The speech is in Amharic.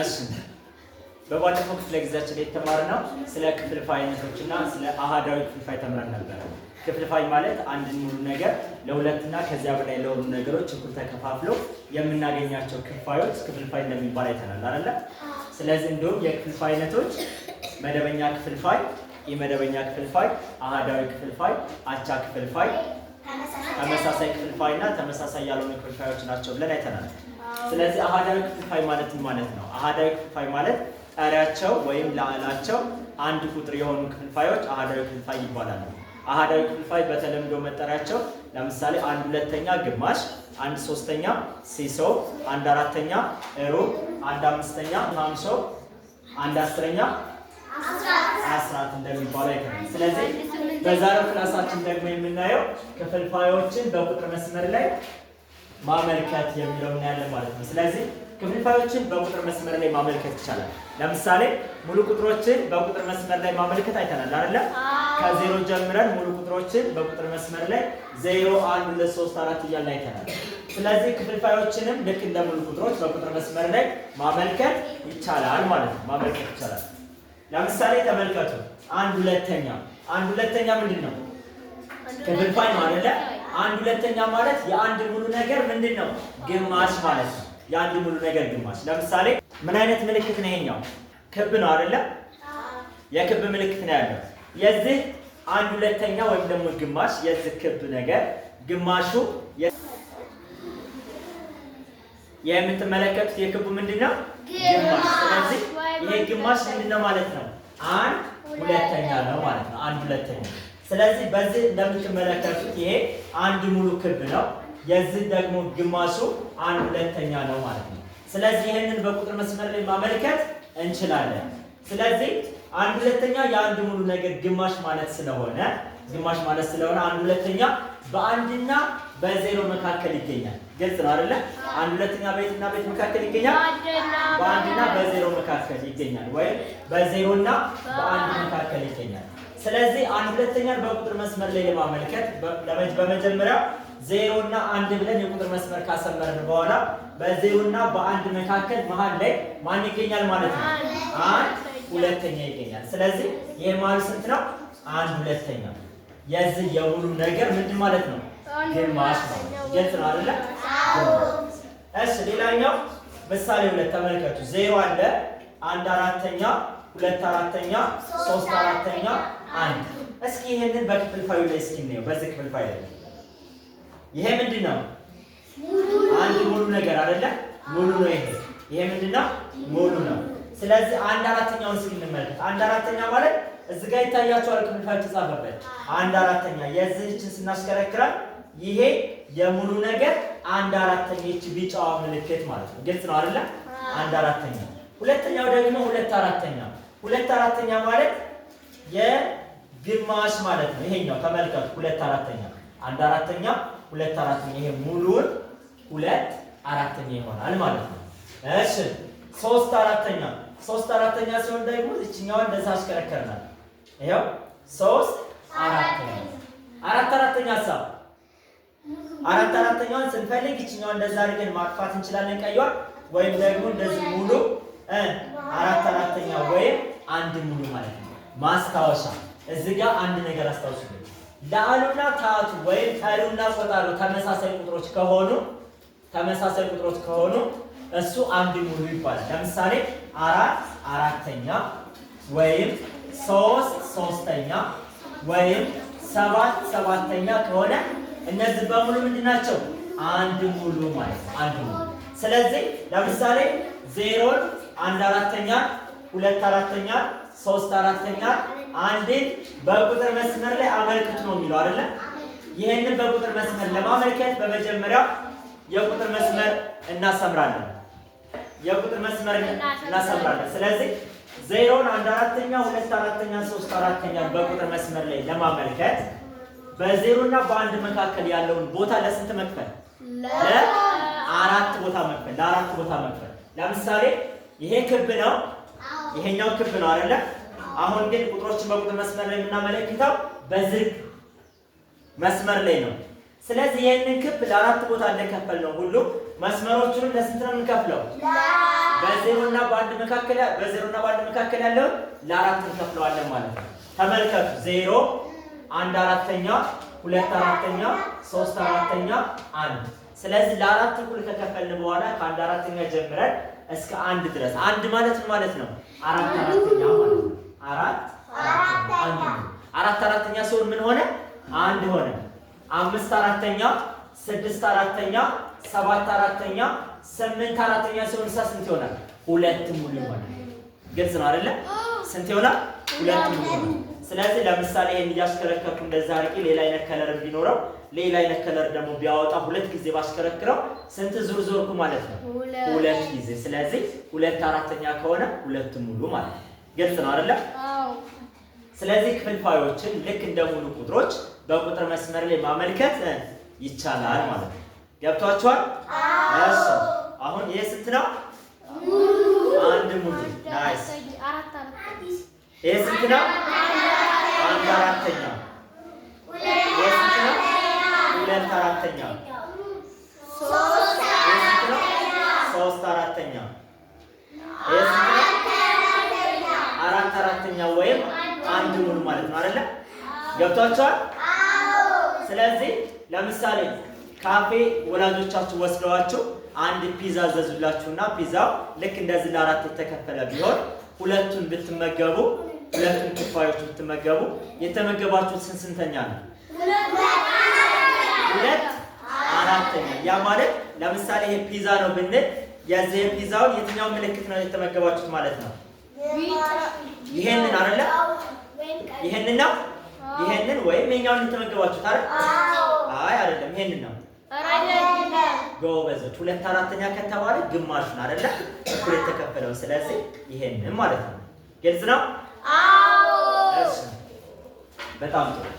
እሺ በባለፈው ክፍለ ጊዜያችን ላይ የተማርነው ስለ ክፍልፋይ አይነቶች አይነቶችና ስለ አሃዳዊ ክፍልፋይ ተምረን ነበረ። ክፍልፋይ ማለት አንድን ሙሉ ነገር ለሁለትና ከዚያ በላይ ለሆኑ ነገሮች እኩል ተከፋፍሎ የምናገኛቸው ክፍልፋዮች ክፍልፋይ እንደሚባል አይተናል አይደለ? ስለዚህ እንዲሁም የክፍልፋይ አይነቶች መደበኛ ክፍልፋይ፣ የመደበኛ ክፍልፋይ፣ አሃዳዊ ክፍልፋይ፣ አቻ ክፍልፋይ ተመሳሳይ ክፍልፋይ እና ተመሳሳይ ያልሆኑ ክፍልፋዮች ናቸው ብለን አይተናል። ስለዚህ አሃዳዊ ክፍልፋይ ማለት ማለት ነው። አሃዳዊ ክፍልፋይ ማለት ጠሪያቸው ወይም ላዕላቸው አንድ ቁጥር የሆኑ ክፍልፋዮች አሃዳዊ ክፍልፋይ ይባላሉ። አሃዳዊ ክፍልፋይ በተለምዶ መጠሪያቸው ለምሳሌ አንድ ሁለተኛ ግማሽ፣ አንድ ሶስተኛ ሲሶ፣ አንድ አራተኛ ሩብ፣ አንድ አምስተኛ ሀምሶ፣ አንድ አስረኛ አስራት እንደሚባለው አይተናል። ስለዚህ በዛሬው ክላሳችን ደግሞ የምናየው ክፍልፋዮችን በቁጥር መስመር ላይ ማመልከት የሚለው እናያለን ማለት ነው። ስለዚህ ክፍልፋዮችን በቁጥር መስመር ላይ ማመልከት ይቻላል። ለምሳሌ ሙሉ ቁጥሮችን በቁጥር መስመር ላይ ማመልከት አይተናል አይደለ? ከዜሮ ጀምረን ሙሉ ቁጥሮችን በቁጥር መስመር ላይ ዜሮ፣ አንድ፣ ሁለት፣ ሶስት፣ አራት እያለ አይተናል። ስለዚህ ክፍልፋዮችንም ልክ እንደ ሙሉ ቁጥሮች በቁጥር መስመር ላይ ማመልከት ይቻላል ማለት ነው። ማመልከት ይቻላል። ለምሳሌ ተመልከቱ። አንድ ሁለተኛ አንድ ሁለተኛ ምንድን ነው? ክፍልፋይ ነው አይደለ? አንድ ሁለተኛ ማለት የአንድ ሙሉ ነገር ምንድን ነው? ግማሽ ማለት ነው። የአንድ ሙሉ ነገር ግማሽ። ለምሳሌ ምን አይነት ምልክት ነው ይሄኛው? ክብ ነው አይደለ? የክብ ምልክት ነው ያለው። የዚህ አንድ ሁለተኛ ወይም ደግሞ ግማሽ የዚህ ክብ ነገር ግማሹ የምትመለከቱት የክቡ ምንድን ነው? ግማሽ። ስለዚህ ግማሽ ምንድን ነው ማለት ነው? አንድ ሁለተኛ ነው ማለት ነው። አንድ ሁለተኛ። ስለዚህ በዚህ እንደምትመለከቱት ይሄ አንድ ሙሉ ክብ ነው። የዚህ ደግሞ ግማሹ አንድ ሁለተኛ ነው ማለት ነው። ስለዚህ ይህንን በቁጥር መስመር ላይ ማመልከት እንችላለን። ስለዚህ አንድ ሁለተኛ የአንድ ሙሉ ነገር ግማሽ ማለት ስለሆነ ግማሽ ማለት ስለሆነ አንድ ሁለተኛ በአንድና በዜሮ መካከል ይገኛል። ግልጽ ነው አይደለ? አንድ ሁለተኛ ቤትና ቤት መካከል ይገኛል? በአንድና በዜሮ መካከል ይገኛል፣ ወይም በዜሮና በአንድ መካከል ይገኛል። ስለዚህ አንድ ሁለተኛን በቁጥር መስመር ላይ ለማመልከት በመጀመሪያ ዜሮና አንድ ብለን የቁጥር መስመር ካሰመርን በኋላ በዜሮና በአንድ መካከል መሀል ላይ ማን ይገኛል ማለት ነው? አንድ ሁለተኛ ይገኛል። ስለዚህ ይህ ስንት ነው? አንድ ሁለተኛ የዚህ የሙሉ ነገር ምንድን ማለት ነው? ግማሽ ነው። ግልጽ ነው አይደለ? እሺ ሌላኛው ምሳሌ ሁለት ተመልከቱ። ዜሮ አለ፣ አንድ አራተኛ፣ ሁለት አራተኛ፣ ሶስት አራተኛ፣ አንድ። እስኪ ይሄንን በክፍልፋዩ ላይ እስኪ እናየው። በዚህ ክፍልፋዩ ላይ ይሄ ምንድን ነው? አንድ ሙሉ ነገር አይደለ? ሙሉ ነው ይሄ። ይሄ ምንድን ነው? ሙሉ ነው። ስለዚህ አንድ አራተኛውን እስኪ እንመልከት። አንድ አራተኛ ማለት እዚህ ጋር ይታያቸዋል። ክንፋች ጻፈበት። አንድ አራተኛ የዚህችን ስናሽከረክራል ይሄ የሙሉ ነገር አንድ አራተኛ ይቺ ቢጫዋ ምልክት ማለት ነው። ግልጽ ነው አይደለ? አንድ አራተኛ። ሁለተኛው ደግሞ ሁለት አራተኛ። ሁለት አራተኛ ማለት የግማሽ ማለት ነው። ይሄኛው ተመልከቱ። ሁለት አራተኛ፣ አንድ አራተኛ፣ ሁለት አራተኛ። ይሄ ሙሉን ሁለት አራተኛ ይሆናል ማለት ነው። እሺ ሶስት አራተኛ ሶስት አራተኛ ሲሆን ደግሞ እችኛዋን እንደዛ አሽከረከርናል። ይኸው ሶስት አራተኛ አራት አራተኛ ሀሳብ አራት አራተኛዋን ስንፈልግ ይችኛዋን እንደዛ አድርገን ማጥፋት እንችላለን፣ ቀይዋን ወይም ደግሞ እንደዚህ ሙሉ አራት አራተኛ ወይም አንድ ሙሉ ማለት ነው። ማስታወሻ እዚህ ጋር አንድ ነገር አስታውሱ። ለአሉና ታቱ ወይም ተሉና ቆጣሉ ተመሳሳይ ቁጥሮች ከሆኑ ተመሳሳይ ቁጥሮች ከሆኑ እሱ አንድ ሙሉ ይባላል። ለምሳሌ አራት አራተኛ ወይም ሶስት ሶስተኛ ወይም ሰባት ሰባተኛ ከሆነ እነዚህ በሙሉ ምንድን ናቸው? አንድ ሙሉ ማለት አንድ ሙሉ። ስለዚህ ለምሳሌ ዜሮን አንድ አራተኛ፣ ሁለት አራተኛ፣ ሶስት አራተኛ አንድን በቁጥር መስመር ላይ አመልክቱ ነው የሚለው አይደለ? ይህንን በቁጥር መስመር ለማመልከት በመጀመሪያ የቁጥር መስመር እናሰምራለን። የቁጥር መስመር እናሰምራለን። ስለዚህ ዜሮን አንድ አራተኛ፣ ሁለት አራተኛ፣ ሶስት አራተኛ በቁጥር መስመር ላይ ለማመልከት በዜሮ እና በአንድ መካከል ያለውን ቦታ ለስንት መክፈል? ለአራት ቦታ መክፈል። ለአራት ቦታ መክፈል። ለምሳሌ ይሄ ክብ ነው፣ ይሄኛው ክብ ነው አይደለ? አሁን ግን ቁጥሮችን በቁጥር መስመር ላይ የምናመለክተው በዝግ መስመር ላይ ነው። ስለዚህ ይህንን ክብ ለአራት ቦታ እንደከፈል ነው ሁሉ መስመሮቹንም ለስንት ነው የምንከፍለው? በዜሮና በአንድ መካከል በዜሮና በአንድ መካከል ያለው ለአራት እንከፍለዋለን ማለት ነው። ተመልከቱ። ዜሮ አንድ አራተኛ፣ ሁለት አራተኛ፣ ሶስት አራተኛ፣ አንድ። ስለዚህ ለአራት እኩል ከከፈልን በኋላ ከአንድ አራተኛ ጀምረን እስከ አንድ ድረስ አንድ ማለት ማለት ነው አራት አራተኛ ማለት ነው። አራት አንድ አራት አራተኛ ሲሆን ምን ሆነ? አንድ ሆነ። አምስት አራተኛ፣ ስድስት አራተኛ ሰባት አራተኛ ስምንት አራተኛ ሲሆን እሳ ስንት ይሆናል? ሁለት ሙሉ ይሆናል። ግልጽ ነው አይደለ? ስንት ይሆናል? ሁለት ሙሉ ይሆናል። ስለዚህ ለምሳሌ ይሄን እያሽከረከርኩ እንደዛ አርቂ ሌላ አይነት ከለር ቢኖረው ሌላ አይነት ከለር ደግሞ ቢያወጣ ሁለት ጊዜ ባሽከረክረው ስንት ዙር ዞርኩ ማለት ነው? ሁለት ጊዜ። ስለዚህ ሁለት አራተኛ ከሆነ ሁለት ሙሉ ማለት ነው። ግልጽ ነው አይደለ? ስለዚህ ክፍልፋዮችን ልክ እንደ ሙሉ ቁጥሮች በቁጥር መስመር ላይ ማመልከት ይቻላል ማለት ነው። ገብቷችኋል? እሺ አሁን ይሄ ስንት ነው? አንድ ሙሉ ናይስ። ይሄ ስንት ነው? አንድ አራተኛ። ይሄ ነው? ሁለት አራተኛ። ሶስት አራተኛ። ይሄ ነው? አራት አራተኛ ወይም አንድ ሙሉ ማለት ነው አይደለ? ገብቷችኋል? ስለዚህ ለምሳሌ ካፌ ወላጆቻችሁ ወስደዋችሁ አንድ ፒዛ ዘዙላችሁና ፒዛው ልክ እንደዚህ ለአራት የተከፈለ ቢሆን ሁለቱን ብትመገቡ ሁለቱን ክፋዮች ብትመገቡ የተመገባችሁት ስንት ስንተኛ ነው? ሁለት አራተኛ። ያ ማለት ለምሳሌ ይሄ ፒዛ ነው ብንል የዚህ ፒዛውን የትኛው ምልክት ነው የተመገባችሁት ማለት ነው? ይሄንን አይደለ? ይሄንን ነው። ይሄንን ወይም የኛውን የተመገባችሁት አይደል? አይ አይደል ይሄንን ነው ጎበዝ። ሁለት አራተኛ ከተባለ ግማሽ ነው አይደለ? እኩል የተከፈለው ስለዚህ ይሄንን ማለት ነው። ግልጽ ነው? አዎ። በጣም ጥሩ